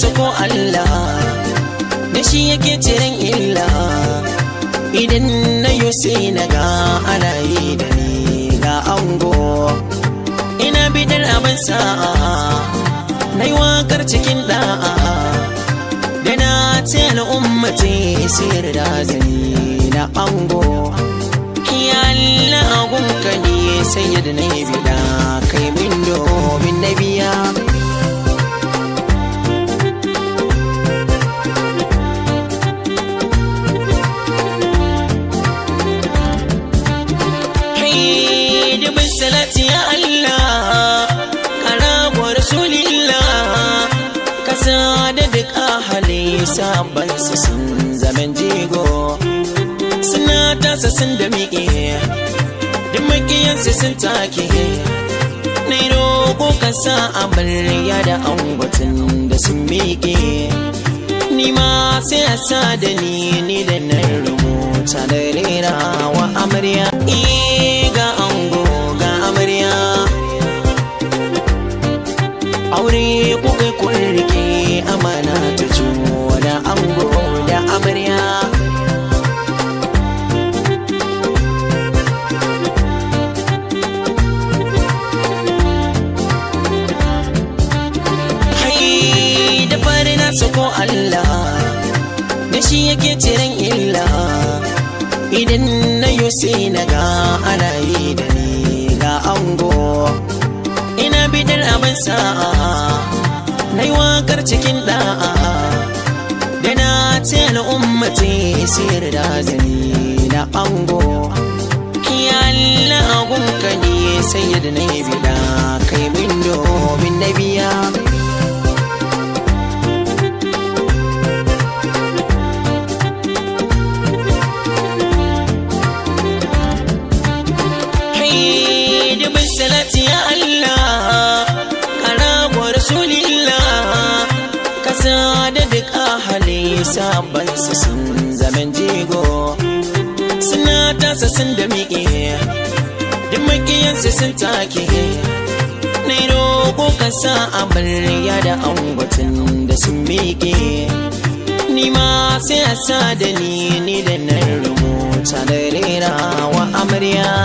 su ko Allah da shi yake ciren illa idan na yi na ga ana da ni ga ango ina bidar abin sa'a na yi wakar cikin da'a da na ce al'ummati siyar da zani na ango ya Allah agunka ne sayyid na yi isa da duk ahali su sun zaman jigo suna tasa sun da miƙe duk su sun take na roƙo ko a ya da angwatin da sun miƙe ni ma sai a sa da ni ni da na rubuta da rerawa soko Allah da shi yake ciran illa idan na yi na ga ana yi da ni ga ango ina bidar abin sa'a na yi wakar cikin da'a da na ce al'ummati siyar da zani na ango ya Allah agunka ne sayyid na bida kai min domin na isa da duk ahali su sun zaman jigo suna tasa sun da miƙe duk sun take na yi roƙo ka sa a barya da angotin da sun miƙe ni ma sai a sa da ni ni da na rumuta da rera wa amarya